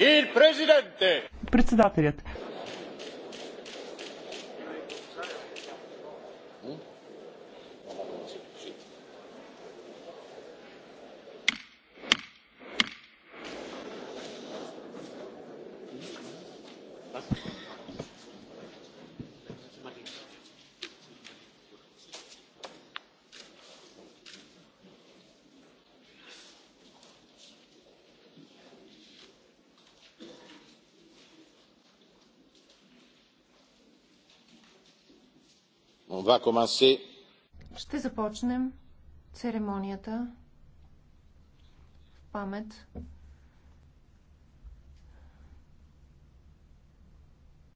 Il Presidente! Председателят. Thank you. Ще започнем церемонията в памет